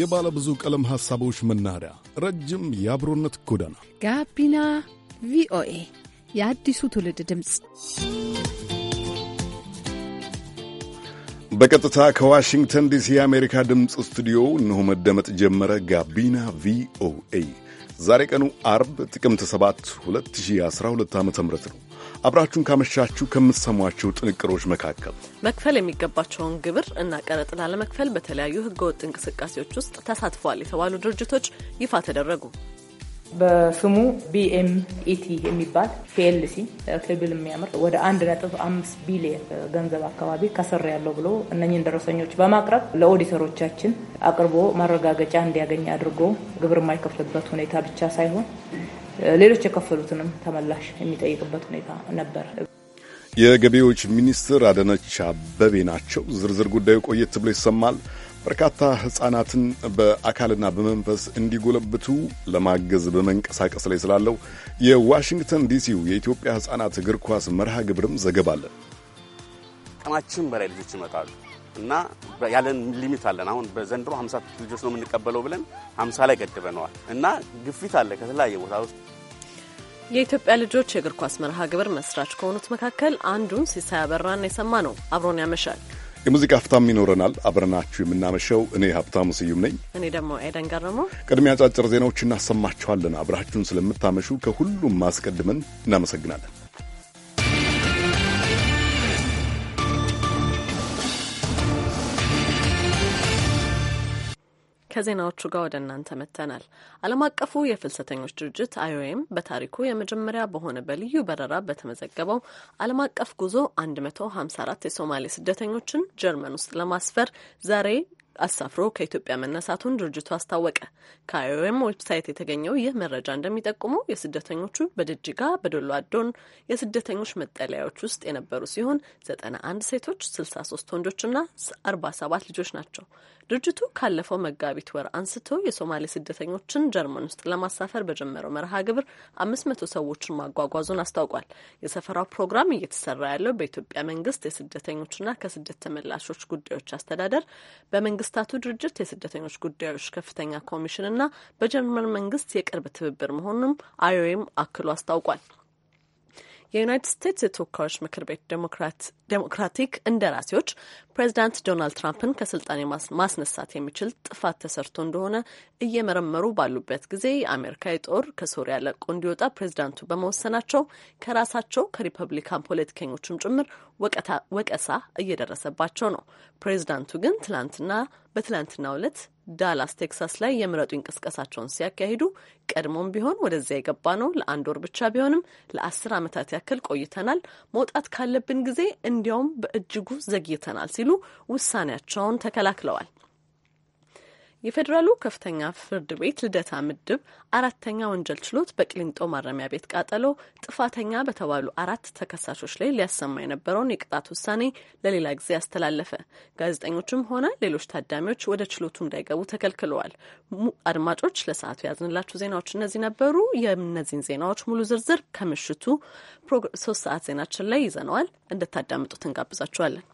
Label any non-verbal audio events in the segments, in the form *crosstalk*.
የባለ ብዙ ቀለም ሐሳቦች መናኸሪያ፣ ረጅም የአብሮነት ጎዳና ጋቢና ቪኦኤ የአዲሱ ትውልድ ድምፅ በቀጥታ ከዋሽንግተን ዲሲ የአሜሪካ ድምፅ ስቱዲዮ እነሆ መደመጥ ጀመረ። ጋቢና ቪኦኤ ዛሬ ቀኑ አርብ ጥቅምት 7 2012 ዓ ም ነው። አብራችሁን ካመሻችሁ ከምትሰሟቸው ጥንቅሮች መካከል መክፈል የሚገባቸውን ግብር እና ቀረጥ ላለመክፈል በተለያዩ ህገወጥ እንቅስቃሴዎች ውስጥ ተሳትፏል የተባሉ ድርጅቶች ይፋ ተደረጉ። በስሙ ቢኤምኢቲ የሚባል ፒኤልሲ ኬብል የሚያምር ወደ አንድ ነጥብ አምስት ቢሊየን ገንዘብ አካባቢ ከስር ያለው ብሎ እነኝን ደረሰኞች በማቅረብ ለኦዲተሮቻችን አቅርቦ ማረጋገጫ እንዲያገኝ አድርጎ ግብር የማይከፍልበት ሁኔታ ብቻ ሳይሆን ሌሎች የከፈሉትንም ተመላሽ የሚጠይቅበት ሁኔታ ነበር። የገቢዎች ሚኒስትር አዳነች አበቤ ናቸው። ዝርዝር ጉዳዩ ቆየት ብሎ ይሰማል። በርካታ ሕፃናትን በአካልና በመንፈስ እንዲጎለብቱ ለማገዝ በመንቀሳቀስ ላይ ስላለው የዋሽንግተን ዲሲው የኢትዮጵያ ሕፃናት እግር ኳስ መርሃ ግብርም ዘገባ አለን። ከማችን በላይ ልጆች ይመጣሉ እና ያለን ሊሚት አለን። አሁን በዘንድሮ 50 ልጆች ነው የምንቀበለው ብለን 50 ላይ ገድበነዋል እና ግፊት አለ ከተለያየ ቦታ ውስጥ። የኢትዮጵያ ልጆች የእግር ኳስ መርሃ ግብር መስራች ከሆኑት መካከል አንዱን ሲሳይ አበራን የሰማ ነው። አብሮን ያመሻል። የሙዚቃ ሀብታም ይኖረናል። አብረናችሁ የምናመሸው እኔ ሀብታሙ ስዩም ነኝ። እኔ ደግሞ ኤደን ገረመው። ቅድሚያ አጫጭር ዜናዎች እናሰማችኋለን። አብራችሁን ስለምታመሹ ከሁሉም ማስቀድመን እናመሰግናለን። ከዜናዎቹ ጋር ወደ እናንተ መጥተናል። ዓለም አቀፉ የፍልሰተኞች ድርጅት አይኦኤም በታሪኩ የመጀመሪያ በሆነ በልዩ በረራ በተመዘገበው ዓለም አቀፍ ጉዞ 154 የሶማሌ ስደተኞችን ጀርመን ውስጥ ለማስፈር ዛሬ አሳፍሮ ከኢትዮጵያ መነሳቱን ድርጅቱ አስታወቀ። ከአይኦኤም ዌብሳይት የተገኘው ይህ መረጃ እንደሚጠቁመው የስደተኞቹ በጅጅጋ፣ በዶሎ አዶን የስደተኞች መጠለያዎች ውስጥ የነበሩ ሲሆን 91 ሴቶች፣ 63 ወንዶችና 47 ልጆች ናቸው። ድርጅቱ ካለፈው መጋቢት ወር አንስቶ የሶማሌ ስደተኞችን ጀርመን ውስጥ ለማሳፈር በጀመረው መርሃ ግብር አምስት መቶ ሰዎችን ማጓጓዙን አስታውቋል። የሰፈራው ፕሮግራም እየተሰራ ያለው በኢትዮጵያ መንግስት የስደተኞችና ከስደት ተመላሾች ጉዳዮች አስተዳደር፣ በመንግስታቱ ድርጅት የስደተኞች ጉዳዮች ከፍተኛ ኮሚሽንና በጀርመን መንግስት የቅርብ ትብብር መሆኑንም አይኦኤም አክሎ አስታውቋል። የዩናይትድ ስቴትስ የተወካዮች ምክር ቤት ዴሞክራት ዴሞክራቲክ እንደራሴዎች ፕሬዚዳንት ዶናልድ ትራምፕን ከስልጣን ማስነሳት የሚችል ጥፋት ተሰርቶ እንደሆነ እየመረመሩ ባሉበት ጊዜ የአሜሪካ የጦር ከሶሪያ ለቆ እንዲወጣ ፕሬዚዳንቱ በመወሰናቸው ከራሳቸው ከሪፐብሊካን ፖለቲከኞችም ጭምር ወቀሳ እየደረሰባቸው ነው። ፕሬዚዳንቱ ግን ትላንትና በትላንትናው ዕለት ዳላስ ቴክሳስ ላይ የምረጡ እንቅስቃሴያቸውን ሲያካሂዱ ቀድሞም ቢሆን ወደዚያ የገባ ነው ለአንድ ወር ብቻ ቢሆንም ለአስር ዓመታት ያክል ቆይተናል፣ መውጣት ካለብን ጊዜ እንዲያውም በእጅጉ ዘግይተናል ሲሉ ውሳኔያቸውን ተከላክለዋል። የፌዴራሉ ከፍተኛ ፍርድ ቤት ልደታ ምድብ አራተኛ ወንጀል ችሎት በቅሊንጦ ማረሚያ ቤት ቃጠሎ ጥፋተኛ በተባሉ አራት ተከሳሾች ላይ ሊያሰማ የነበረውን የቅጣት ውሳኔ ለሌላ ጊዜ አስተላለፈ። ጋዜጠኞችም ሆነ ሌሎች ታዳሚዎች ወደ ችሎቱ እንዳይገቡ ተከልክለዋል። አድማጮች፣ ለሰዓቱ ያዝንላችሁ ዜናዎች እነዚህ ነበሩ። የእነዚህን ዜናዎች ሙሉ ዝርዝር ከምሽቱ ሶስት ሰዓት ዜናችን ላይ ይዘነዋል። እንድታዳምጡት እንጋብዛችኋለን።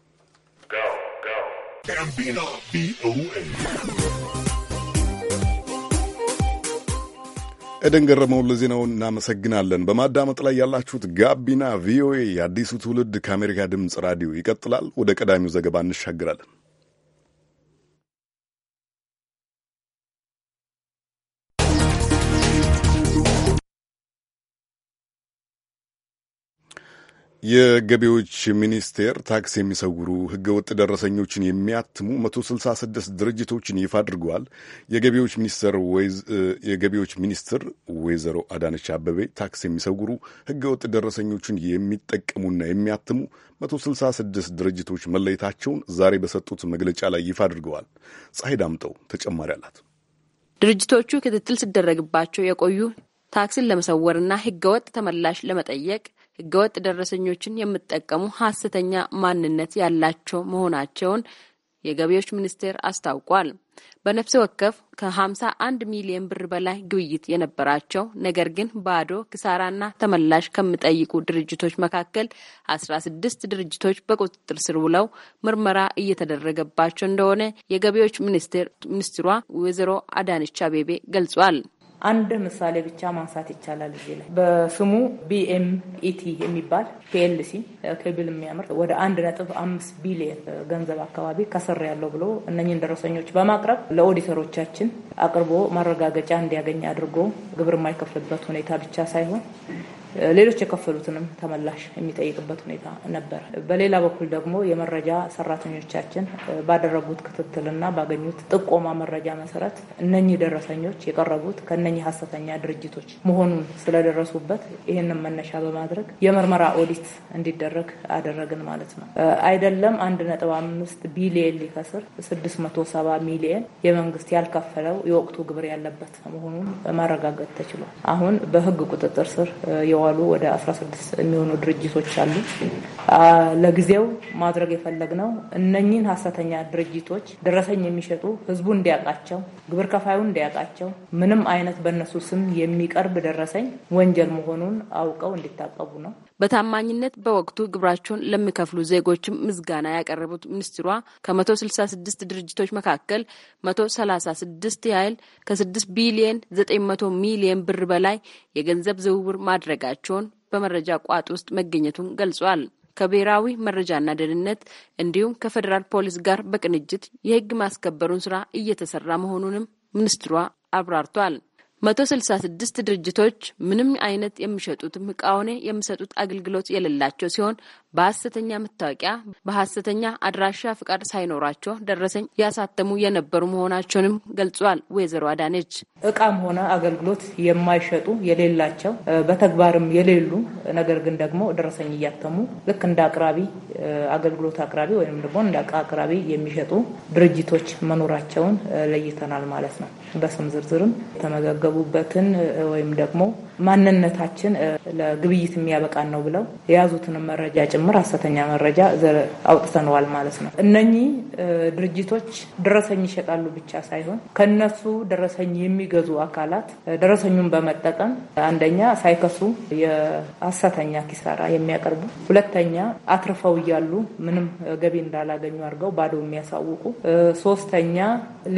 ጋቢና VOA. ኤደን ገረመውን ለዜናውን እናመሰግናለን። በማዳመጥ ላይ ያላችሁት ጋቢና ቪኦኤ የአዲሱ ትውልድ ከአሜሪካ ድምፅ ራዲዮ ይቀጥላል። ወደ ቀዳሚው ዘገባ እንሻገራለን። የገቢዎች ሚኒስቴር ታክስ የሚሰውሩ ህገወጥ ደረሰኞችን የሚያትሙ 166 ድርጅቶችን ይፋ አድርገዋል። የገቢዎች ሚኒስትር ወይዘሮ አዳነች አበቤ ታክስ የሚሰውሩ ህገወጥ ደረሰኞችን የሚጠቀሙና የሚያትሙ 166 ድርጅቶች መለየታቸውን ዛሬ በሰጡት መግለጫ ላይ ይፋ አድርገዋል። ፀሐይ ዳምጠው ተጨማሪ አላት። ድርጅቶቹ ክትትል ሲደረግባቸው የቆዩ ታክስን ለመሰወርና ህገወጥ ተመላሽ ለመጠየቅ ህገወጥ ደረሰኞችን የምጠቀሙ ሀሰተኛ ማንነት ያላቸው መሆናቸውን የገቢዎች ሚኒስቴር አስታውቋል። በነፍስ ወከፍ ከ51 ሚሊዮን ብር በላይ ግብይት የነበራቸው ነገር ግን ባዶ ክሳራና ተመላሽ ከሚጠይቁ ድርጅቶች መካከል 16 ድርጅቶች በቁጥጥር ስር ውለው ምርመራ እየተደረገባቸው እንደሆነ የገቢዎች ሚኒስቴር ሚኒስትሯ ወይዘሮ አዳነች አቤቤ ገልጿል። አንድ ምሳሌ ብቻ ማንሳት ይቻላል። እዚህ ላይ በስሙ ቢኤምኢቲ የሚባል ፒኤልሲ ኬብል የሚያምር ወደ አንድ ነጥብ አምስት ቢሊየን ገንዘብ አካባቢ ከስር ያለው ብሎ እነኝን ደረሰኞች በማቅረብ ለኦዲተሮቻችን አቅርቦ ማረጋገጫ እንዲያገኝ አድርጎ ግብር የማይከፍልበት ሁኔታ ብቻ ሳይሆን ሌሎች የከፈሉትንም ተመላሽ የሚጠይቅበት ሁኔታ ነበር። በሌላ በኩል ደግሞ የመረጃ ሰራተኞቻችን ባደረጉት ክትትልና ባገኙት ጥቆማ መረጃ መሰረት እነኚህ ደረሰኞች የቀረቡት ከእነኚህ ሀሰተኛ ድርጅቶች መሆኑን ስለደረሱበት ይህንን መነሻ በማድረግ የምርመራ ኦዲት እንዲደረግ አደረግን ማለት ነው። አይደለም አንድ ነጥብ አምስት ቢሊየን ሊከስር ስድስት መቶ ሰባ ሚሊየን የመንግስት ያልከፈለው የወቅቱ ግብር ያለበት መሆኑን ማረጋገጥ ተችሏል። አሁን በህግ ቁጥጥር ስር የዋ የተባሉ ወደ 16 የሚሆኑ ድርጅቶች አሉ። ለጊዜው ማድረግ የፈለግነው እነኚህን ሀሰተኛ ድርጅቶች ደረሰኝ የሚሸጡ ህዝቡ እንዲያውቃቸው፣ ግብር ከፋዩ እንዲያውቃቸው ምንም አይነት በእነሱ ስም የሚቀርብ ደረሰኝ ወንጀል መሆኑን አውቀው እንዲታቀቡ ነው። በታማኝነት በወቅቱ ግብራቸውን ለሚከፍሉ ዜጎችም ምዝጋና ያቀረቡት ሚኒስትሯ ከ166 ድርጅቶች መካከል 136 ያህል ከ6 ቢሊየን 900 ሚሊየን ብር በላይ የገንዘብ ዝውውር ማድረጋቸውን በመረጃ ቋጥ ውስጥ መገኘቱን ገልጿል። ከብሔራዊ መረጃና ደህንነት እንዲሁም ከፌዴራል ፖሊስ ጋር በቅንጅት የህግ ማስከበሩን ስራ እየተሰራ መሆኑንም ሚኒስትሯ አብራርቷል። መቶ ስልሳ ስድስት ድርጅቶች ምንም አይነት የሚሸጡት ዕቃ ሆነ የሚሰጡት አገልግሎት የሌላቸው ሲሆን በሀሰተኛ መታወቂያ በሀሰተኛ አድራሻ ፍቃድ ሳይኖራቸው ደረሰኝ ያሳተሙ የነበሩ መሆናቸውንም ገልጿል። ወይዘሮ አዳነች እቃም ሆነ አገልግሎት የማይሸጡ የሌላቸው፣ በተግባርም የሌሉ ነገር ግን ደግሞ ደረሰኝ እያተሙ ልክ እንደ አቅራቢ አገልግሎት አቅራቢ ወይም ደግሞ እንደ ዕቃ አቅራቢ የሚሸጡ ድርጅቶች መኖራቸውን ለይተናል ማለት ነው። በስም ዝርዝርም ተመዘገ የሚመገቡበትን ወይም ደግሞ ማንነታችን ለግብይት የሚያበቃን ነው ብለው የያዙትንም መረጃ ጭምር ሀሰተኛ መረጃ አውጥተነዋል ማለት ነው። እነኚህ ድርጅቶች ደረሰኝ ይሸጣሉ ብቻ ሳይሆን ከነሱ ደረሰኝ የሚገዙ አካላት ደረሰኙን በመጠቀም አንደኛ ሳይከሱ የሀሰተኛ ኪሳራ የሚያቀርቡ፣ ሁለተኛ አትርፈው እያሉ ምንም ገቢ እንዳላገኙ አድርገው ባዶ የሚያሳውቁ፣ ሶስተኛ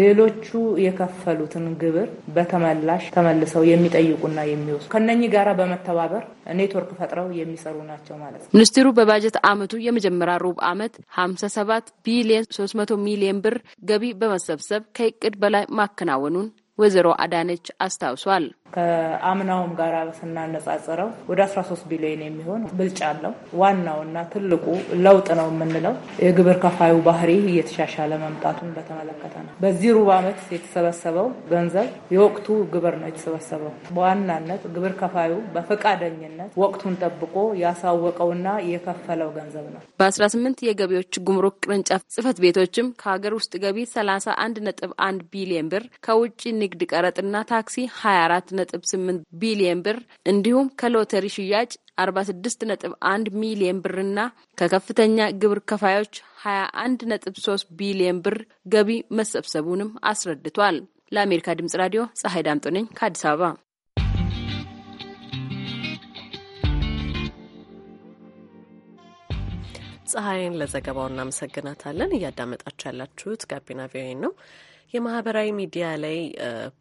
ሌሎቹ የከፈሉትን ግብር በተመላሽ ተመልሰው የሚጠይቁና የሚወስዱ ከነኚህ ጋራ በመተባበር ኔትወርክ ፈጥረው የሚሰሩ ናቸው ማለት ነው። ሚኒስትሩ በባጀት አመቱ የመጀመሪያ ሩብ አመት ሀምሳ ሰባት ቢሊየን ሶስት መቶ ሚሊየን ብር ገቢ በመሰብሰብ ከእቅድ በላይ ማከናወኑን ወይዘሮ አዳነች አስታውሷል። ከአምናውም ጋር ስናነጻጽረው ወደ 13 ቢሊዮን የሚሆን ብልጫ አለው። ዋናውና ትልቁ ለውጥ ነው የምንለው የግብር ከፋዩ ባህሪ እየተሻሻለ መምጣቱን በተመለከተ ነው። በዚህ ሩብ ዓመት የተሰበሰበው ገንዘብ የወቅቱ ግብር ነው የተሰበሰበው። በዋናነት ግብር ከፋዩ በፈቃደኝነት ወቅቱን ጠብቆ ያሳወቀውና የከፈለው ገንዘብ ነው። በ18 የገቢዎች ጉምሩክ ቅርንጫፍ ጽህፈት ቤቶችም ከሀገር ውስጥ ገቢ 31.1 ቢሊዮን ብር ከውጭ ንግድ ቀረጥና ታክሲ 24 ነጥብ ስምንት ቢሊየን ብር እንዲሁም ከሎተሪ ሽያጭ አርባ ስድስት ነጥብ አንድ ሚሊየን ብርና ከከፍተኛ ግብር ከፋዮች ሀያ አንድ ነጥብ ሶስት ቢሊየን ብር ገቢ መሰብሰቡንም አስረድቷል። ለአሜሪካ ድምጽ ራዲዮ ፀሐይ ዳምጦ ነኝ ከአዲስ አበባ። ፀሐይን ለዘገባው እናመሰግናታለን። እያዳመጣችሁ ያላችሁት ጋቢና ቪኦኤ ነው። የማህበራዊ ሚዲያ ላይ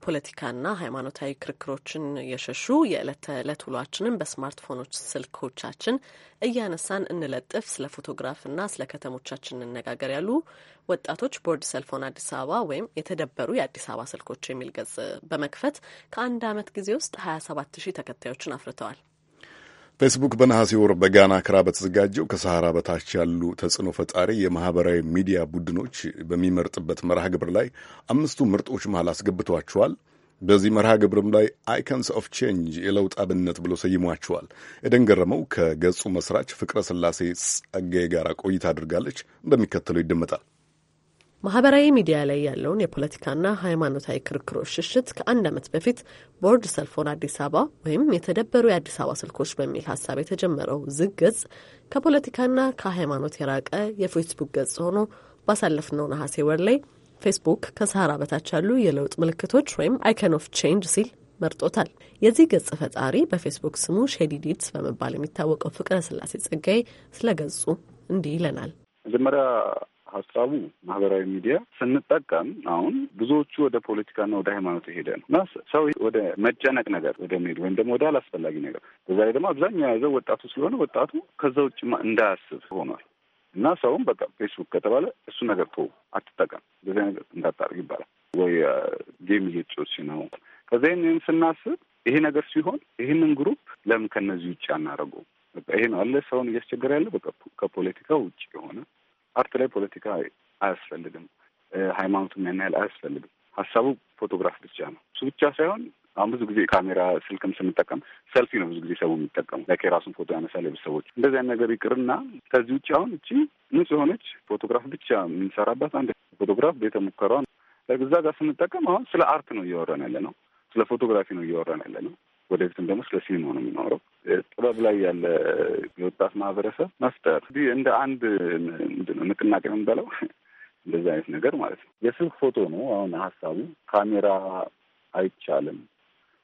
ፖለቲካና ሃይማኖታዊ ክርክሮችን የሸሹ የዕለት ተዕለት ውሏችንን በስማርትፎኖች ስልኮቻችን እያነሳን እንለጥፍ፣ ስለ ፎቶግራፍና ስለ ከተሞቻችን እንነጋገር ያሉ ወጣቶች ቦርድ ሰልፎን አዲስ አበባ ወይም የተደበሩ የአዲስ አበባ ስልኮች የሚል ገጽ በመክፈት ከአንድ ዓመት ጊዜ ውስጥ ሀያ ሰባት ሺህ ተከታዮችን አፍርተዋል። ፌስቡክ በነሐሴ ወር በጋና ክራ በተዘጋጀው ከሰሐራ በታች ያሉ ተጽዕኖ ፈጣሪ የማህበራዊ ሚዲያ ቡድኖች በሚመርጥበት መርሃ ግብር ላይ አምስቱ ምርጦች መሃል አስገብቷቸዋል። በዚህ መርሃ ግብርም ላይ አይከንስ ኦፍ ቼንጅ የለውጥ አብነት ብሎ ሰይሟቸዋል። ኤደን ገረመው ከገጹ መስራች ፍቅረ ስላሴ ጸጋዬ ጋር ቆይታ አድርጋለች። እንደሚከተለው ይደመጣል። ማህበራዊ ሚዲያ ላይ ያለውን የፖለቲካና ሃይማኖታዊ ክርክሮች ሽሽት ከአንድ ዓመት በፊት ቦርድ ሰልፎን አዲስ አበባ ወይም የተደበሩ የአዲስ አበባ ስልኮች በሚል ሀሳብ የተጀመረው ዝግ ገጽ ከፖለቲካና ከሃይማኖት የራቀ የፌስቡክ ገጽ ሆኖ ባሳለፍነው ነሐሴ ወር ላይ ፌስቡክ ከሰሃራ በታች ያሉ የለውጥ ምልክቶች ወይም አይከን ኦፍ ቼንጅ ሲል መርጦታል። የዚህ ገጽ ፈጣሪ በፌስቡክ ስሙ ሼዲዲድስ በመባል የሚታወቀው ፍቅረ ስላሴ ጸጋዬ ስለ ገጹ እንዲህ ይለናል። መጀመሪያ ሀሳቡ ማህበራዊ ሚዲያ ስንጠቀም አሁን ብዙዎቹ ወደ ፖለቲካና ወደ ሃይማኖት የሄደ ነው እና ሰው ወደ መጨነቅ ነገር ወደ መሄድ ወይም ደግሞ ወደ አላስፈላጊ ነገር በዛ ላይ ደግሞ አብዛኛው የያዘው ወጣቱ ስለሆነ ወጣቱ ከዛ ውጭ እንዳያስብ ሆኗል እና ሰውም በቃ ፌስቡክ ከተባለ እሱ ነገር ቶ አትጠቀም በዚ ነገር እንዳታርግ ይባላል ወይ ጌም እየጮች ነው ከዚ ይህንን ስናስብ ይሄ ነገር ሲሆን ይህንን ግሩፕ ለምን ከነዚህ ውጭ አናደርገው? በቃ ይሄ ነው አለ ሰውን እያስቸገረ ያለ በቃ ከፖለቲካ ውጭ የሆነ አርት ላይ ፖለቲካ አያስፈልግም። ሃይማኖቱም ያን ያህል አያስፈልግም። ሀሳቡ ፎቶግራፍ ብቻ ነው። እሱ ብቻ ሳይሆን አሁን ብዙ ጊዜ ካሜራ ስልክም ስንጠቀም ሰልፊ ነው ብዙ ጊዜ ሰው የሚጠቀሙ ላይ የራሱን ፎቶ ያነሳ ለብ ሰዎች እንደዚህ አይነት ነገር ይቅርና ከዚህ ውጭ አሁን እቺ ንጹህ የሆነች ፎቶግራፍ ብቻ የምንሰራበት አንድ ፎቶግራፍ ቤተ ሙከሯ ነው። እዛ ጋር ስንጠቀም አሁን ስለ አርት ነው እያወራን ያለ ነው። ስለ ፎቶግራፊ ነው እያወራን ያለ ነው። ወደፊትም ደግሞ ስለ ሲኒማ ነው የሚኖረው። ጥበብ ላይ ያለ የወጣት ማህበረሰብ መፍጠር እንደ አንድ ንቅናቄ የምንበለው *laughs* እንደዚህ አይነት ነገር ማለት ነው። የስልክ ፎቶ ነው አሁን ሀሳቡ ካሜራ አይቻልም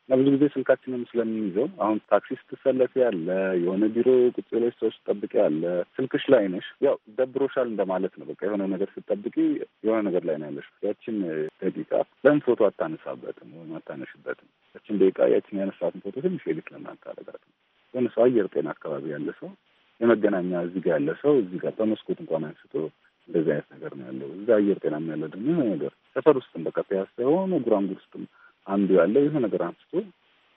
እና ብዙ ጊዜ ስልካችንም ስለምንይዘው አሁን ታክሲ ስትሰለፊ ያለ የሆነ ቢሮ ቁጭ ብለሽ ሰዎች ትጠብቂ ያለ ስልክሽ ላይ ነሽ። ያው ደብሮሻል እንደማለት ነው። በቃ የሆነ ነገር ስጠብቂ የሆነ ነገር ላይ ነው ያለሽ። ያችን ደቂቃ ለምን ፎቶ አታነሳበትም ወይም አታነሽበትም? ያችን ደቂቃ ያችን ያነሳትን ፎቶ ትንሽ ሌሊት ለምን አታረጋትም? የሆነ ሰው አየር ጤና አካባቢ ያለ ሰው የመገናኛ እዚህ ጋር ያለ ሰው እዚህ ጋር በመስኮት እንኳን አንስቶ እንደዚህ አይነት ነገር ነው ያለው። እዛ አየር ጤና ያለ ደግሞ ነገር ሰፈር ውስጥም በቃ ፒያሳ የሆነ ጉራንጉር ውስጥም አንዱ ያለ ይህ ነገር አንስቶ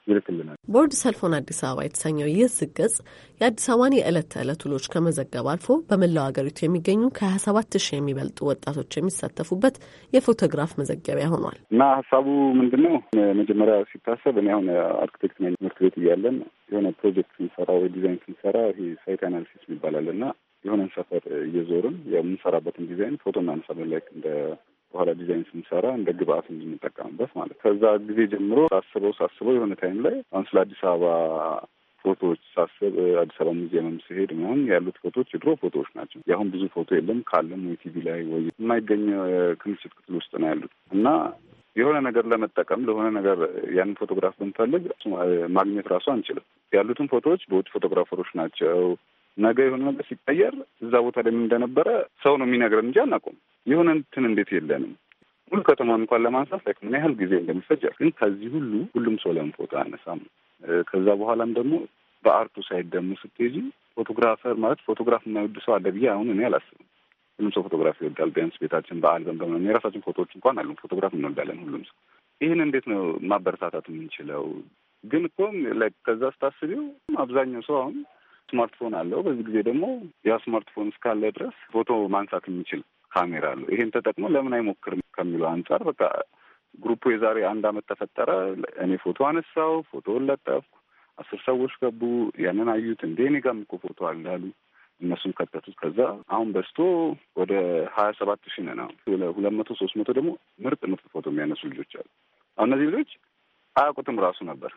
ይልክልናል። ቦርድ ሰልፎን አዲስ አበባ የተሰኘው ይህ ዝገጽ የአዲስ አበባን የዕለት ተዕለት ውሎች ከመዘገብ አልፎ በመላው ሀገሪቱ የሚገኙ ከሀያ ሰባት ሺህ የሚበልጡ ወጣቶች የሚሳተፉበት የፎቶግራፍ መዘገቢያ ሆኗል እና ሀሳቡ ምንድን ነው? መጀመሪያ ሲታሰብ እኔ አሁን አርክቴክት ነኝ። ትምህርት ቤት እያለን የሆነ ፕሮጀክት ስንሰራ ወይ ዲዛይን ስንሰራ ይሄ ሳይት አናሊሲስ ይባላል እና የሆነን ሰፈር እየዞርን የምንሰራበትን ዲዛይን ፎቶ እናነሳለን ላይክ እንደ በኋላ ዲዛይን ስንሰራ እንደ ግብአት እንድንጠቀምበት ማለት ከዛ ጊዜ ጀምሮ ሳስበው ሳስበው የሆነ ታይም ላይ አሁን ስለ አዲስ አበባ ፎቶዎች ሳስብ አዲስ አበባ ሙዚየምም ስሄድ ምናምን ያሉት ፎቶዎች የድሮ ፎቶዎች ናቸው። የአሁን ብዙ ፎቶ የለም። ካለም ወይ ቲቪ ላይ ወይ የማይገኝ ክምችት ክፍል ውስጥ ነው ያሉት እና የሆነ ነገር ለመጠቀም ለሆነ ነገር ያንን ፎቶግራፍ ብንፈልግ ማግኘት ራሱ አንችልም። ያሉትን ፎቶዎች በውጭ ፎቶግራፈሮች ናቸው። ነገ የሆነ ነገር ሲቀየር እዛ ቦታ ላይ እንደነበረ ሰው ነው የሚነግረን እንጂ አናውቅም። የሆነ እንትን እንዴት የለንም። ሙሉ ከተማ እንኳን ለማንሳት ላይ ምን ያህል ጊዜ እንደሚፈጀር ግን ከዚህ ሁሉ ሁሉም ሰው ለምን ፎቶ አነሳም? ከዛ በኋላም ደግሞ በአርቱ ሳይድ ደግሞ ስትሄጂ ፎቶግራፈር ማለት ፎቶግራፍ የማይወድ ሰው አለ ብዬ አሁን እኔ አላስብም። ሁሉም ሰው ፎቶግራፍ ይወዳል። ቢያንስ ቤታችን በአልበም በምናምን የራሳችን ፎቶዎች እንኳን አሉ። ፎቶግራፍ እንወዳለን ሁሉም ሰው። ይህን እንዴት ነው ማበረታታት የምንችለው? ግን እኮ ከዛ ስታስቢው አብዛኛው ሰው አሁን ስማርትፎን አለው። በዚህ ጊዜ ደግሞ ያ ስማርትፎን እስካለ ድረስ ፎቶ ማንሳት የሚችል ካሜራ አለው። ይሄን ተጠቅሞ ለምን አይሞክርም ከሚለው አንጻር በቃ ግሩፑ የዛሬ አንድ አመት ተፈጠረ። እኔ ፎቶ አነሳው፣ ፎቶን ለጠፍኩ። አስር ሰዎች ገቡ፣ ያንን አዩት። እንዴ እኔ ጋርም እኮ ፎቶ አለ አሉ። እነሱም ከተቱት። ከዛ አሁን በስቶ ወደ ሀያ ሰባት ሺህ ነን። ሁለት መቶ ሶስት መቶ ደግሞ ምርጥ ምርጥ ፎቶ የሚያነሱ ልጆች አሉ። አሁን እነዚህ ልጆች አያውቁትም ራሱ ነበር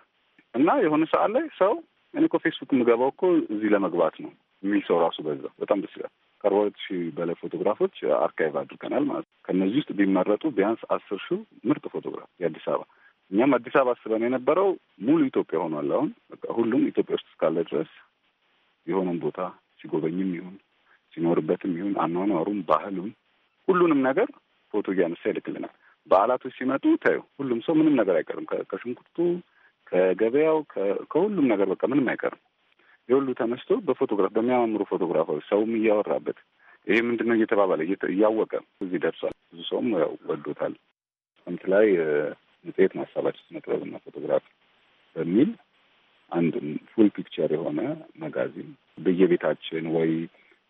እና የሆነ ሰዓት ላይ ሰው እኔ እኮ ፌስቡክ የምገባው እኮ እዚህ ለመግባት ነው የሚል ሰው ራሱ በዛ በጣም ደስ ይላል። ከአርባ ሺህ በላይ ፎቶግራፎች አርካይቭ አድርገናል ማለት ነው። ከእነዚህ ውስጥ ቢመረጡ ቢያንስ አስር ሺህ ምርጥ ፎቶግራፍ የአዲስ አበባ እኛም አዲስ አበባ አስበን የነበረው ሙሉ ኢትዮጵያ ሆኗል። አሁን በቃ ሁሉም ኢትዮጵያ ውስጥ እስካለ ድረስ የሆነን ቦታ ሲጎበኝም ይሁን ሲኖርበትም ይሁን አኗኗሩም፣ ባህሉም ሁሉንም ነገር ፎቶ እያነሳ ይልክልናል። በዓላቶች ሲመጡ ታዩ ሁሉም ሰው ምንም ነገር አይቀርም። ከሽንኩርቱ፣ ከገበያው፣ ከሁሉም ነገር በቃ ምንም አይቀርም። የሁሉ ተነስቶ በፎቶግራፍ በሚያማምሩ ፎቶግራፎች ሰውም እያወራበት ይሄ ምንድነው እየተባባለ እያወቀ እዚህ ደርሷል። ብዙ ሰውም ያው ወዶታል። ምት ላይ መጽሔት ማሳባችን ስነ ጥበብና ፎቶግራፍ በሚል አንድ ፉል ፒክቸር የሆነ መጋዚን በየቤታችን ወይ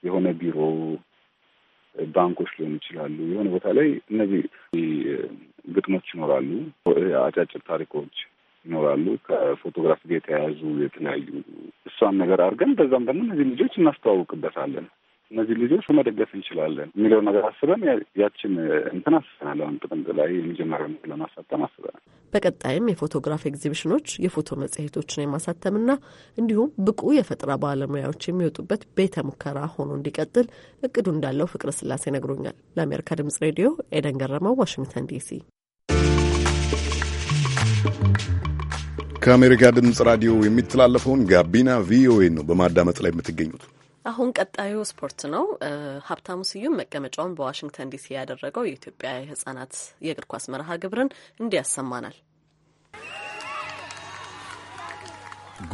የሆነ ቢሮ ባንኮች ሊሆኑ ይችላሉ። የሆነ ቦታ ላይ እነዚህ ግጥሞች ይኖራሉ፣ አጫጭር ታሪኮች ይኖራሉ። ከፎቶግራፍ ጋር የተያያዙ የተለያዩ እሷን ነገር አድርገን በዛም ደግሞ እነዚህ ልጆች እናስተዋውቅበታለን። እነዚህ ልጆች መደገፍ እንችላለን የሚለው ነገር አስበን ያችን እንትን አስበናል። አሁን ጥቅምት ላይ የመጀመሪያ ለማሳተም አስበናል። በቀጣይም የፎቶግራፍ ኤግዚቢሽኖች፣ የፎቶ መጽሔቶችን የማሳተምና እንዲሁም ብቁ የፈጠራ ባለሙያዎች የሚወጡበት ቤተ ሙከራ ሆኖ እንዲቀጥል እቅዱ እንዳለው ፍቅረ ስላሴ ነግሮኛል። ለአሜሪካ ድምጽ ሬዲዮ ኤደን ገረመው፣ ዋሽንግተን ዲሲ ከአሜሪካ ድምፅ ራዲዮ የሚተላለፈውን ጋቢና ቪኦኤ ነው በማዳመጥ ላይ የምትገኙት። አሁን ቀጣዩ ስፖርት ነው። ሀብታሙ ስዩም መቀመጫውን በዋሽንግተን ዲሲ ያደረገው የኢትዮጵያ የህጻናት የእግር ኳስ መርሃ ግብርን እንዲያሰማናል።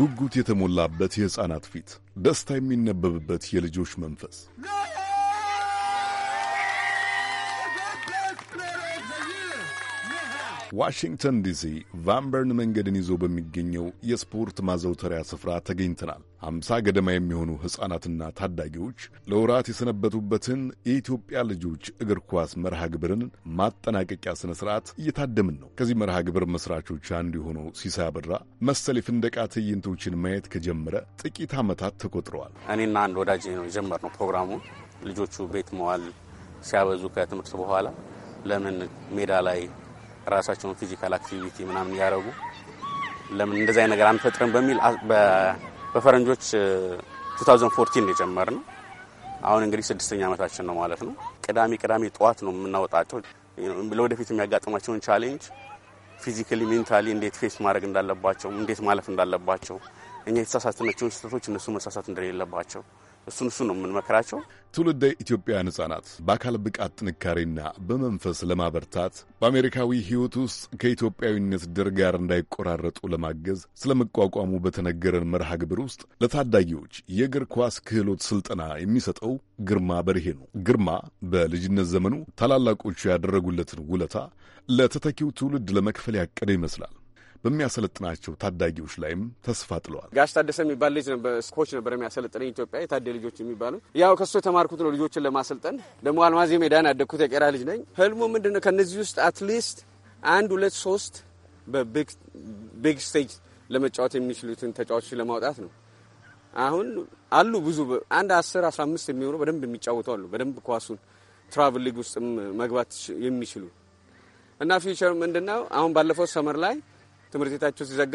ጉጉት የተሞላበት የህጻናት ፊት፣ ደስታ የሚነበብበት የልጆች መንፈስ ዋሽንግተን ዲሲ ቫንበርን መንገድን ይዞ በሚገኘው የስፖርት ማዘውተሪያ ስፍራ ተገኝተናል። አምሳ ገደማ የሚሆኑ ሕፃናትና ታዳጊዎች ለውራት የሰነበቱበትን የኢትዮጵያ ልጆች እግር ኳስ መርሃ ግብርን ማጠናቀቂያ ስነ ስርዓት እየታደምን ነው። ከዚህ መርሃ ግብር መስራቾች አንዱ የሆነው ሲሳይ አበራ መሰል የፍንደቃ ትዕይንቶችን ማየት ከጀመረ ጥቂት ዓመታት ተቆጥረዋል። እኔና አንድ ወዳጅ ነው የጀመርነው ፕሮግራሙ። ልጆቹ ቤት መዋል ሲያበዙ ከትምህርት በኋላ ለምን ሜዳ ላይ ራሳቸውን ፊዚካል አክቲቪቲ ምናምን እያደረጉ ለምን እንደዚህ አይነት ነገር አንፈጥርም በሚል በፈረንጆች 2014 ነው የጀመርነው። አሁን እንግዲህ ስድስተኛ ዓመታችን ነው ማለት ነው። ቅዳሜ ቅዳሜ ጠዋት ነው የምናወጣቸው። ለወደፊት የሚያጋጥማቸውን ቻሌንጅ ፊዚካሊ፣ ሜንታሊ እንዴት ፌስ ማድረግ እንዳለባቸው፣ እንዴት ማለፍ እንዳለባቸው፣ እኛ የተሳሳትናቸውን ስህተቶች እነሱ መሳሳት እንደሌለባቸው እሱን እሱ ነው የምንመክራቸው። ትውልደ ኢትዮጵያውያን ሕጻናት በአካል ብቃት ጥንካሬና በመንፈስ ለማበርታት በአሜሪካዊ ህይወት ውስጥ ከኢትዮጵያዊነት ድር ጋር እንዳይቆራረጡ ለማገዝ ስለ መቋቋሙ በተነገረን መርሃ ግብር ውስጥ ለታዳጊዎች የእግር ኳስ ክህሎት ስልጠና የሚሰጠው ግርማ በርሄ ነው። ግርማ በልጅነት ዘመኑ ታላላቆቹ ያደረጉለትን ውለታ ለተተኪው ትውልድ ለመክፈል ያቀደ ይመስላል። በሚያሰለጥናቸው ታዳጊዎች ላይም ተስፋ ጥለዋል። ጋሽ ታደሰ የሚባል ልጅ ኮች ነበር የሚያሰለጥነኝ ኢትዮጵያ የታደ ልጆች የሚባለው ያው ከሱ የተማርኩት ነው። ልጆችን ለማሰልጠን ደግሞ አልማዝ ሜዳን ያደግኩት የቄራ ልጅ ነኝ። ህልሙ ምንድን ነው? ከእነዚህ ውስጥ አትሊስት አንድ ሁለት ሶስት በቢግ ስቴጅ ለመጫወት የሚችሉትን ተጫዋቾች ለማውጣት ነው። አሁን አሉ ብዙ አንድ አስር አስራ አምስት የሚሆኑ በደንብ የሚጫወቱ አሉ። በደንብ ኳሱን ትራቭል ሊግ ውስጥ መግባት የሚችሉ እና ፊውቸር ምንድነው? አሁን ባለፈው ሰመር ላይ ትምህርት ቤታቸው ሲዘጋ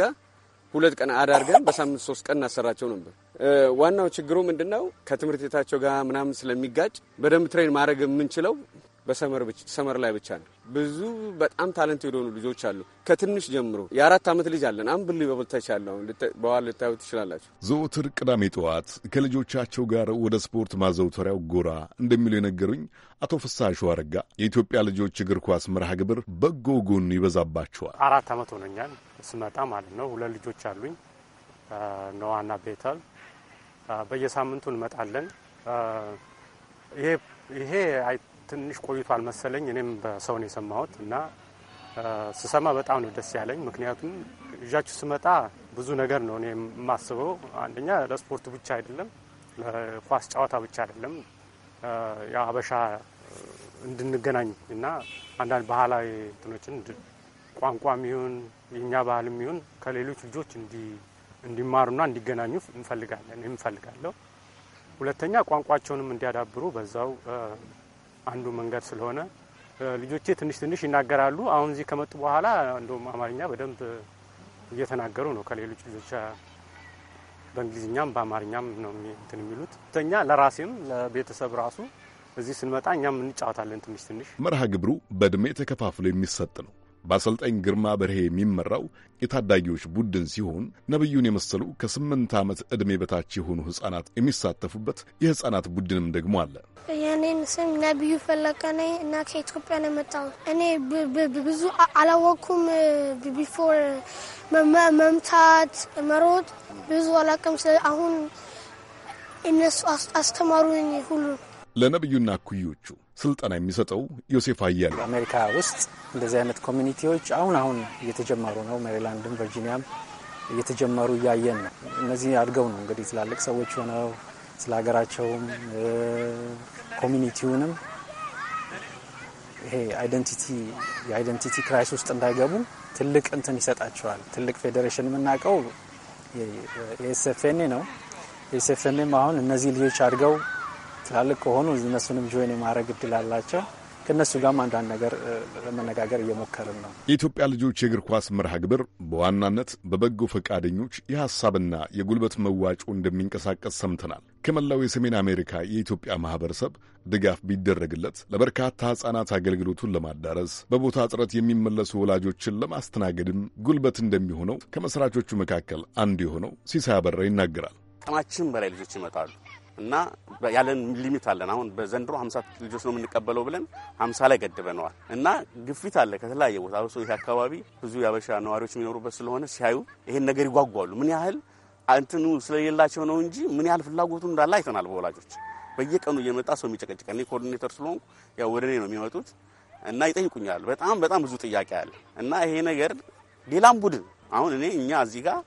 ሁለት ቀን አዳርገን በሳምንት ሶስት ቀን እናሰራቸው ነበር። ዋናው ችግሩ ምንድነው? ከትምህርት ቤታቸው ጋር ምናምን ስለሚጋጭ በደንብ ትሬን ማድረግ የምንችለው በሰመር ላይ ብቻ ነው። ብዙ በጣም ታለንት የሆኑ ልጆች አሉ። ከትንሽ ጀምሮ የአራት ዓመት ልጅ አለን። አምብል በበልታ ይቻለሁ በኋላ ልታዩ ትችላላችሁ። ዘወትር ቅዳሜ ጠዋት ከልጆቻቸው ጋር ወደ ስፖርት ማዘውተሪያው ጎራ እንደሚሉ የነገሩኝ አቶ ፍሳሹ አረጋ የኢትዮጵያ ልጆች እግር ኳስ መርሃ ግብር በጎ ጎን ይበዛባቸዋል። አራት ዓመት ሆነኛል ስመጣ ማለት ነው። ሁለት ልጆች አሉኝ ነዋና ቤተል። በየሳምንቱ እንመጣለን። ይሄ ትንሽ ቆይቷል መሰለኝ። እኔም በሰው ነው የሰማሁት እና ስሰማ በጣም ነው ደስ ያለኝ። ምክንያቱም እዣችሁ ስመጣ ብዙ ነገር ነው እኔ የማስበው። አንደኛ ለስፖርት ብቻ አይደለም፣ ለኳስ ጨዋታ ብቻ አይደለም። አበሻ እንድንገናኝ እና አንዳንድ ባህላዊ እንትኖችን ቋንቋ ይሁን የእኛ ባህል ይሁን ከሌሎች ልጆች እንዲማሩና እንዲገናኙ እንፈልጋለን እንፈልጋለሁ። ሁለተኛ ቋንቋቸውንም እንዲያዳብሩ በዛው አንዱ መንገድ ስለሆነ ልጆቼ ትንሽ ትንሽ ይናገራሉ። አሁን እዚህ ከመጡ በኋላ እንደውም አማርኛ በደንብ እየተናገሩ ነው ከሌሎች ልጆች በእንግሊዝኛም በአማርኛም ነው እንትን የሚሉት። ተኛ ለራሴም ለቤተሰብ ራሱ እዚህ ስንመጣ እኛም እንጫወታለን ትንሽ ትንሽ። መርሃ ግብሩ በእድሜ ተከፋፍሎ የሚሰጥ ነው። በአሰልጣኝ ግርማ በርሄ የሚመራው የታዳጊዎች ቡድን ሲሆን ነቢዩን የመሰሉ ከስምንት ዓመት ዕድሜ በታች የሆኑ ሕፃናት የሚሳተፉበት የሕፃናት ቡድንም ደግሞ አለ። የእኔን ስም ነቢዩ ፈለቀ ነኝ እና ከኢትዮጵያ ነው የመጣሁት። እኔ ብዙ አላወቅኩም። ቢፎር መምታት፣ መሮጥ ብዙ አላውቅም። አሁን እነሱ አስተማሩኝ ሁሉ። ለነቢዩና ኩዮቹ ስልጠና የሚሰጠው ዮሴፍ አያል አሜሪካ ውስጥ እንደዚህ አይነት ኮሚኒቲዎች አሁን አሁን እየተጀመሩ ነው። ሜሪላንድም ቨርጂኒያም እየተጀመሩ እያየን ነው። እነዚህ አድገው ነው እንግዲህ ትላልቅ ሰዎች ሆነው ስለ ሀገራቸውም ኮሚኒቲውንም ይሄ አይደንቲቲ የአይደንቲቲ ክራይስ ውስጥ እንዳይገቡ ትልቅ እንትን ይሰጣቸዋል። ትልቅ ፌዴሬሽን የምናውቀው የኤስኤፍኤን ነው። ኤስኤፍኤንም አሁን እነዚህ ልጆች አድገው ትላልቅ ከሆኑ እነሱንም ጆይን የማድረግ እድል አላቸው። ከእነሱ ጋርም አንዳንድ ነገር ለመነጋገር እየሞከርን ነው። የኢትዮጵያ ልጆች የእግር ኳስ መርሃ ግብር በዋናነት በበጎ ፈቃደኞች የሀሳብና የጉልበት መዋጮ እንደሚንቀሳቀስ ሰምተናል። ከመላው የሰሜን አሜሪካ የኢትዮጵያ ማህበረሰብ ድጋፍ ቢደረግለት ለበርካታ ሕፃናት አገልግሎቱን ለማዳረስ በቦታ እጥረት የሚመለሱ ወላጆችን ለማስተናገድም ጉልበት እንደሚሆነው ከመስራቾቹ መካከል አንዱ የሆነው ሲሳይ አበራ ይናገራል። ጥማችን በላይ ልጆች ይመጣሉ እና ያለን ሊሚት አለን። አሁን በዘንድሮ ሀምሳ ልጆች ነው የምንቀበለው ብለን ሀምሳ ላይ ገድበነዋል እና ግፊት አለ ከተለያየ ቦታ። ይህ አካባቢ ብዙ የአበሻ ነዋሪዎች የሚኖሩበት ስለሆነ ሲያዩ ይሄን ነገር ይጓጓሉ ምን ያህል እንትኑ ስለሌላቸው ነው እንጂ ምን ያህል ፍላጎቱ እንዳለ አይተናል። በወላጆች በየቀኑ እየመጣ ሰው የሚጨቀጭቀ እኔ ኮኦርዲኔተር ስለሆንኩ ያው ወደ እኔ ነው የሚመጡት እና ይጠይቁኛል። በጣም በጣም ብዙ ጥያቄ አለ እና ይሄ ነገር ሌላም ቡድን አሁን እኔ እኛ እዚህ ጋር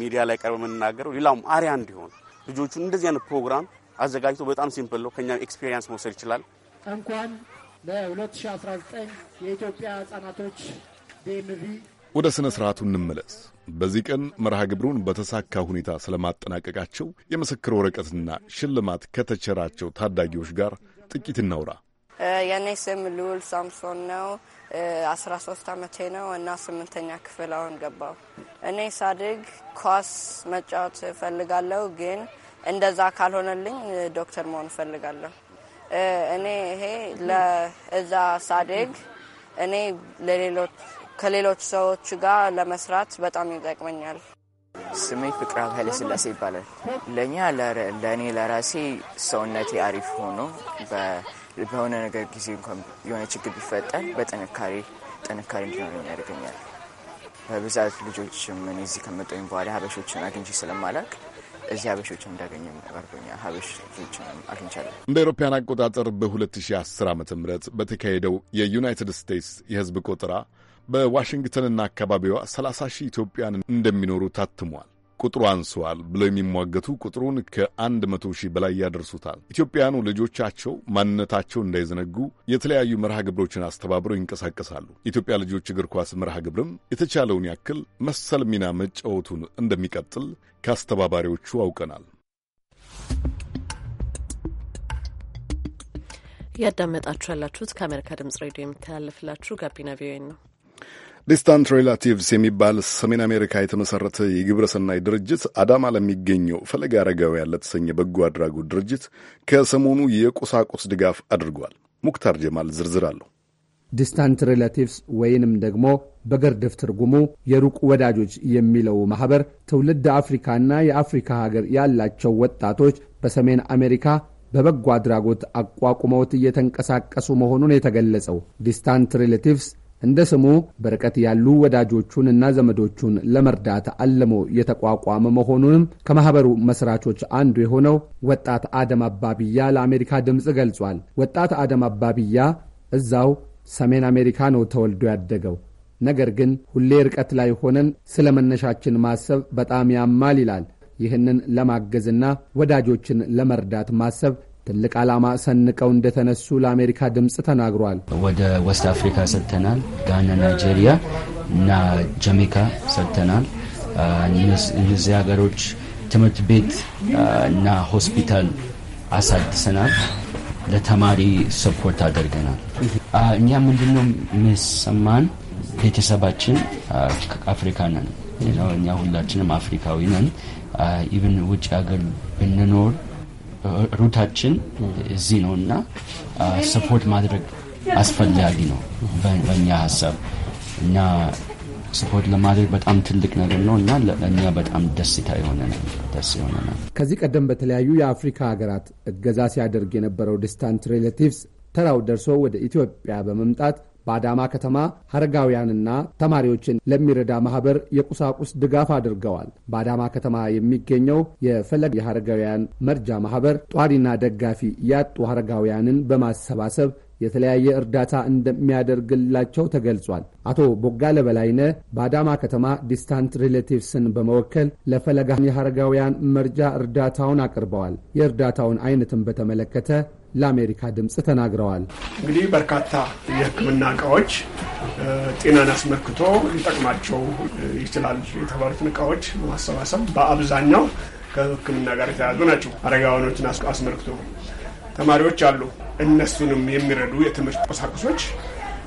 ሚዲያ ላይ ቀርበ የምንናገረው ሌላም አሪያ እንዲሆን ልጆቹን እንደዚህ አይነት ፕሮግራም አዘጋጅቶ በጣም ሲምፕል ነው፣ ከኛ ኤክስፔሪንስ መውሰድ ይችላል። እንኳን ለ2019 የኢትዮጵያ ህጻናቶች ዴምቪ ወደ ሥነ ሥርዓቱ እንመለስ። በዚህ ቀን መርሃ ግብሩን በተሳካ ሁኔታ ስለማጠናቀቃቸው የምስክር ወረቀትና ሽልማት ከተቸራቸው ታዳጊዎች ጋር ጥቂት እናውራ። የኔ ስም ልውል ሳምሶን ነው። 13 ዓመቴ ነው እና ስምንተኛ ክፍል አሁን ገባው። እኔ ሳድግ ኳስ መጫወት እፈልጋለሁ፣ ግን እንደዛ ካልሆነልኝ ዶክተር መሆን እፈልጋለሁ። እኔ ይሄ ለእዛ ሳድግ እኔ ለሌሎች ከሌሎች ሰዎች ጋር ለመስራት በጣም ይጠቅመኛል። ስሜ ፍቅር ኃይለስላሴ ይባላል። ለእኛ ለእኔ ለራሴ ሰውነቴ አሪፍ ሆኖ በሆነ ነገር ጊዜ እንኳን የሆነ ችግር ቢፈጠር በጥንካሬ ጥንካሬ እንዲኖረኝ ያደርገኛል። በብዛት ልጆች ምን እዚህ ከመጣሁኝ በኋላ ሀበሾችን አግኝቼ ስለማላቅ እዚህ ሀበሾች እንዳገኘ አድርጎኛል። ሀበሽ ልጆችንም አግኝቻለሁ። እንደ አውሮፓውያን አቆጣጠር በ2010 ዓ ም በተካሄደው የዩናይትድ ስቴትስ የህዝብ ቆጠራ በዋሽንግተንና አካባቢዋ 30 ሺህ ኢትዮጵያን እንደሚኖሩ ታትሟል። ቁጥሩ አንሰዋል ብለው የሚሟገቱ ቁጥሩን ከአንድ መቶ ሺህ በላይ ያደርሱታል። ኢትዮጵያኑ ልጆቻቸው ማንነታቸው እንዳይዘነጉ የተለያዩ መርሃ ግብሮችን አስተባብረው ይንቀሳቀሳሉ። የኢትዮጵያ ልጆች እግር ኳስ መርሃ ግብርም የተቻለውን ያክል መሰል ሚና መጫወቱን እንደሚቀጥል ከአስተባባሪዎቹ አውቀናል። እያዳመጣችሁ ያላችሁት ከአሜሪካ ድምጽ ሬዲዮ የሚተላለፍላችሁ ጋቢና ቪኦኤ ነው። ዲስታንት ሬላቲቭስ የሚባል ሰሜን አሜሪካ የተመሠረተ የግብረ ሰናይ ድርጅት አዳማ ለሚገኘው ፈለገ አረጋውያን ለተሰኘ በጎ አድራጎት ድርጅት ከሰሞኑ የቁሳቁስ ድጋፍ አድርጓል። ሙክታር ጀማል ዝርዝር አለሁ። ዲስታንት ሬላቲቭስ ወይንም ደግሞ በገርድፍ ትርጉሙ የሩቅ ወዳጆች የሚለው ማኅበር ትውልድ አፍሪካና የአፍሪካ ሀገር ያላቸው ወጣቶች በሰሜን አሜሪካ በበጎ አድራጎት አቋቁመውት እየተንቀሳቀሱ መሆኑን የተገለጸው ዲስታንት ሬሌቲቭስ እንደ ስሙ በርቀት ያሉ ወዳጆቹን እና ዘመዶቹን ለመርዳት አልሞ የተቋቋመ መሆኑንም ከማኅበሩ መስራቾች አንዱ የሆነው ወጣት አደም አባብያ ለአሜሪካ ድምፅ ገልጿል። ወጣት አደም አባብያ እዛው ሰሜን አሜሪካ ነው ተወልዶ ያደገው። ነገር ግን ሁሌ ርቀት ላይ ሆነን ስለ መነሻችን ማሰብ በጣም ያማል ይላል። ይህንን ለማገዝና ወዳጆችን ለመርዳት ማሰብ ትልቅ ዓላማ ሰንቀው እንደተነሱ ለአሜሪካ ድምፅ ተናግሯል። ወደ ወስት አፍሪካ ሰጥተናል። ጋና፣ ናይጄሪያ እና ጀሜካ ሰጥተናል። እነዚህ ሀገሮች ትምህርት ቤት እና ሆስፒታል አሳድሰናል። ለተማሪ ሰፖርት አድርገናል። እኛ ምንድነው የሚሰማን ቤተሰባችን አፍሪካ ነን። እኛ ሁላችንም አፍሪካዊ ነን። ኢቨን ውጭ ሀገር ብንኖር ሩታችን እዚህ ነው እና ሰፖርት ማድረግ አስፈላጊ ነው በእኛ ሀሳብ እና ስፖርት ለማድረግ በጣም ትልቅ ነገር ነው እና ለእኛ በጣም ደስታ ደስ የሆነናል። ከዚህ ቀደም በተለያዩ የአፍሪካ ሀገራት እገዛ ሲያደርግ የነበረው ዲስታንት ሬሌቲቭስ ተራው ደርሶ ወደ ኢትዮጵያ በመምጣት በአዳማ ከተማ ሀረጋውያንና ተማሪዎችን ለሚረዳ ማህበር የቁሳቁስ ድጋፍ አድርገዋል። በአዳማ ከተማ የሚገኘው የፈለግ የሀረጋውያን መርጃ ማህበር ጧሪና ደጋፊ ያጡ ሀረጋውያንን በማሰባሰብ የተለያየ እርዳታ እንደሚያደርግላቸው ተገልጿል። አቶ ቦጋለ በላይነ በአዳማ ከተማ ዲስታንት ሪሌቲቭስን በመወከል ለፈለጋ የሀረጋውያን መርጃ እርዳታውን አቅርበዋል። የእርዳታውን አይነትን በተመለከተ ለአሜሪካ ድምፅ ተናግረዋል። እንግዲህ በርካታ የሕክምና እቃዎች ጤናን አስመልክቶ ሊጠቅማቸው ይችላል የተባሉትን እቃዎች በማሰባሰብ በአብዛኛው ከሕክምና ጋር የተያዙ ናቸው። አረጋውያኖችን አስመልክቶ ተማሪዎች አሉ። እነሱንም የሚረዱ የትምህርት ቁሳቁሶች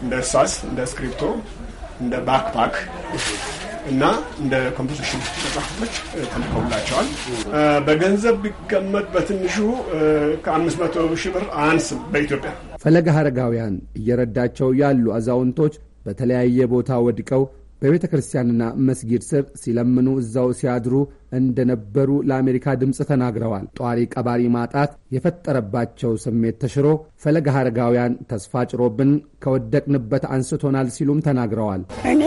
እንደ እርሳስ፣ እንደ እስክሪብቶ፣ እንደ ባክፓክ እና እንደ ኮምፖዚሽን መጽሐፎች ተልከውላቸዋል። በገንዘብ ቢቀመጥ በትንሹ ከአምስት መቶ ሺህ ብር አንስም በኢትዮጵያ ፈለገ አረጋውያን እየረዳቸው ያሉ አዛውንቶች በተለያየ ቦታ ወድቀው በቤተ ክርስቲያንና መስጊድ ስር ሲለምኑ እዛው ሲያድሩ እንደነበሩ ለአሜሪካ ድምፅ ተናግረዋል። ጧሪ ቀባሪ ማጣት የፈጠረባቸው ስሜት ተሽሮ ፈለገ አረጋውያን ተስፋ ጭሮብን ከወደቅንበት አንስቶናል ሲሉም ተናግረዋል። እኔ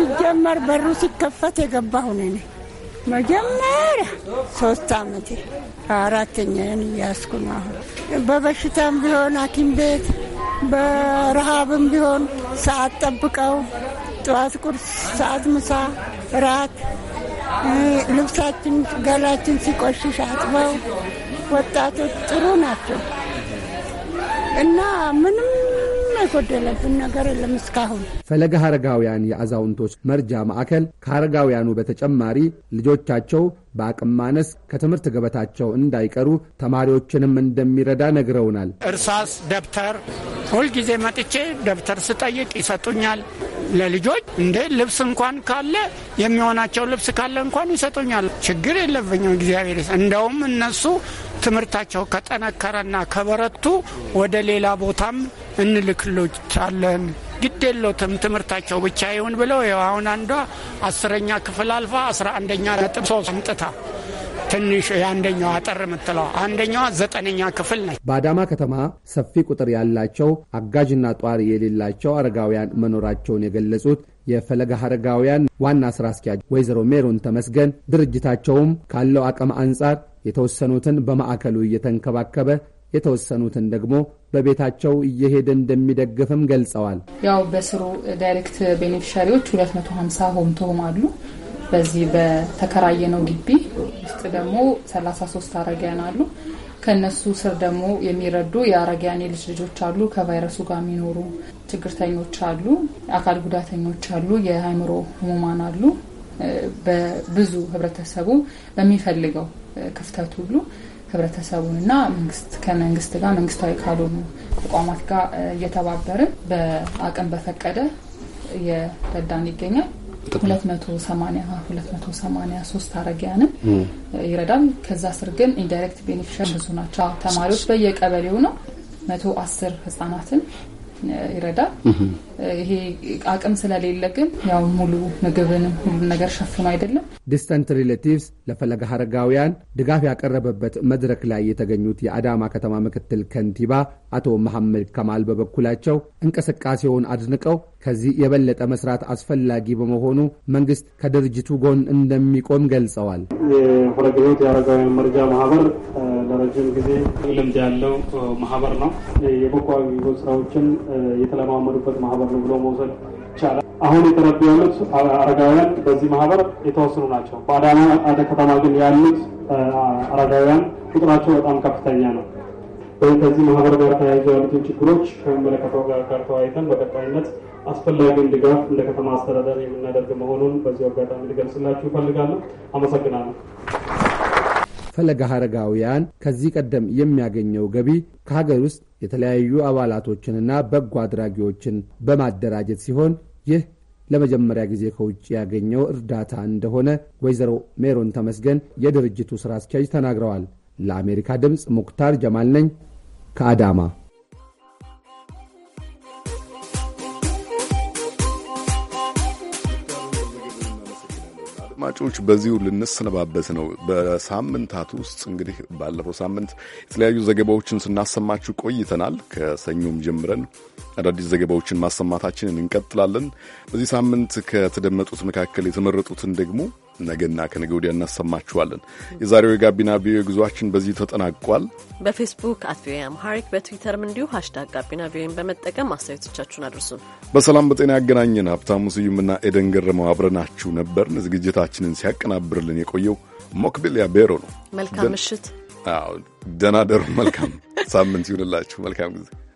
ሲጀመር በሩ ሲከፈት የገባሁ ነኝ። መጀመሪያ ሶስት አመቴ አራተኛዬን እያስኩ ነው። አሁን በበሽታም ቢሆን ሐኪም ቤት በረሃብም ቢሆን ሰዓት ጠብቀው ጠዋት ቁርስ፣ ሰዓት ምሳ፣ ራት ልብሳችን፣ ገላችን ሲቆሽሽ አጥበው ወጣቶች ጥሩ ናቸው እና ምንም የጎደለብን ነገር የለም እስካሁን። ፈለገ አረጋውያን የአዛውንቶች መርጃ ማዕከል ከአረጋውያኑ በተጨማሪ ልጆቻቸው በአቅም ማነስ ከትምህርት ገበታቸው እንዳይቀሩ ተማሪዎችንም እንደሚረዳ ነግረውናል። እርሳስ፣ ደብተር ሁልጊዜ መጥቼ ደብተር ስጠይቅ ይሰጡኛል። ለልጆች እንዴ ልብስ እንኳን ካለ የሚሆናቸው ልብስ ካለ እንኳን ይሰጡኛል። ችግር የለብኝም። እግዚአብሔር እንደውም እነሱ ትምህርታቸው ከጠነከረና ከበረቱ ወደ ሌላ ቦታም እንልክሎቻለን። ግድ የለዎትም ትምህርታቸው ብቻ ይሁን ብለው ይኸው አሁን አንዷ አስረኛ ክፍል አልፋ አስራ አንደኛ ነጥብ ሶስት አምጥታ ትንሽ የአንደኛው አጠር የምትለው አንደኛዋ ዘጠነኛ ክፍል ነች። በአዳማ ከተማ ሰፊ ቁጥር ያላቸው አጋዥና ጧሪ የሌላቸው አረጋውያን መኖራቸውን የገለጹት የፈለገ አረጋውያን ዋና ስራ አስኪያጅ ወይዘሮ ሜሮን ተመስገን ድርጅታቸውም ካለው አቅም አንጻር የተወሰኑትን በማዕከሉ እየተንከባከበ የተወሰኑትን ደግሞ በቤታቸው እየሄደ እንደሚደግፍም ገልጸዋል። ያው በስሩ ዳይሬክት ቤኔፊሻሪዎች 250 ሆም ቱ ሆም አሉ። በዚህ በተከራየነው ግቢ ውስጥ ደግሞ 33 አረጋያን አሉ። ከእነሱ ስር ደግሞ የሚረዱ የአረጋያን የልጅ ልጆች አሉ። ከቫይረሱ ጋር የሚኖሩ ችግርተኞች አሉ። አካል ጉዳተኞች አሉ። የአእምሮ ህሙማን አሉ። በብዙ ህብረተሰቡ በሚፈልገው ክፍተት ሁሉ ህብረተሰቡንና መንግስት ከመንግስት ጋር መንግስታዊ ካልሆኑ ተቋማት ጋር እየተባበርን በአቅም በፈቀደ እየረዳን ይገኛል። ሶስት አረጊያንን ይረዳል። ከዛ ስር ግን ኢንዳይሬክት ቤኔፊሻል ብዙ ናቸው። ተማሪዎች በየቀበሌው ነው መቶ አስር ህጻናትን ይረዳል። ይሄ አቅም ስለሌለ ግን ያው ሙሉ ምግብን ሁሉ ነገር ሸፍኖ አይደለም። ዲስተንት ሪሌቲቭስ ለፈለገ ሀረጋውያን ድጋፍ ያቀረበበት መድረክ ላይ የተገኙት የአዳማ ከተማ ምክትል ከንቲባ አቶ መሐመድ ከማል በበኩላቸው እንቅስቃሴውን አድንቀው ከዚህ የበለጠ መስራት አስፈላጊ በመሆኑ መንግስት ከድርጅቱ ጎን እንደሚቆም ገልጸዋል። የሁለገቦት የአረጋውያን መርጃ ማህበር ለረጅም ጊዜ ልምድ ያለው ማህበር ነው። የበጎ አገልግሎት ስራዎችን የተለማመዱበት ማህበር ይችላሉ ብሎ መውሰድ ይቻላል። አሁን የተረዱ ያሉት አረጋውያን በዚህ ማህበር የተወሰኑ ናቸው። በአዳማ ከተማ ግን ያሉት አረጋውያን ቁጥራቸው በጣም ከፍተኛ ነው። ከዚህ ማህበር ጋር ተያይዞ ያሉትን ችግሮች ከሚመለከተው ጋር ተወያይተን በቀጣይነት አስፈላጊውን ድጋፍ እንደ ከተማ አስተዳደር የምናደርግ መሆኑን በዚሁ አጋጣሚ ልገልጽላችሁ ይፈልጋለሁ። አመሰግናለሁ። ፈለገ ሀረጋውያን ከዚህ ቀደም የሚያገኘው ገቢ ከሀገር ውስጥ የተለያዩ አባላቶችንና በጎ አድራጊዎችን በማደራጀት ሲሆን ይህ ለመጀመሪያ ጊዜ ከውጭ ያገኘው እርዳታ እንደሆነ ወይዘሮ ሜሮን ተመስገን የድርጅቱ ሥራ አስኪያጅ ተናግረዋል። ለአሜሪካ ድምፅ ሙክታር ጀማል ነኝ ከአዳማ። አድማጮች በዚሁ ልንሰነባበት ነው። በሳምንታት ውስጥ እንግዲህ ባለፈው ሳምንት የተለያዩ ዘገባዎችን ስናሰማችሁ ቆይተናል። ከሰኞም ጀምረን አዳዲስ ዘገባዎችን ማሰማታችንን እንቀጥላለን። በዚህ ሳምንት ከተደመጡት መካከል የተመረጡትን ደግሞ ነገና ከነገ ወዲያ እናሰማችኋለን። የዛሬው የጋቢና ቪኦኤ ጉዟችን በዚህ ተጠናቋል። በፌስቡክ አት ቪኦኤ አምሃሪክ በትዊተርም እንዲሁ ሀሽታግ ጋቢና ቪኦኤን በመጠቀም አስተያየቶቻችሁን አድርሱን። በሰላም በጤና ያገናኘን። ሀብታሙ ስዩምና ኤደን ገረመው አብረናችሁ ነበር ዝግጅታችንን ሲያቀናብርልን የቆየው ሞክቢሊያ ቤሮ ነው። መልካም ምሽት። ደህና ደሩ። መልካም ሳምንት ይሁንላችሁ። መልካም ጊዜ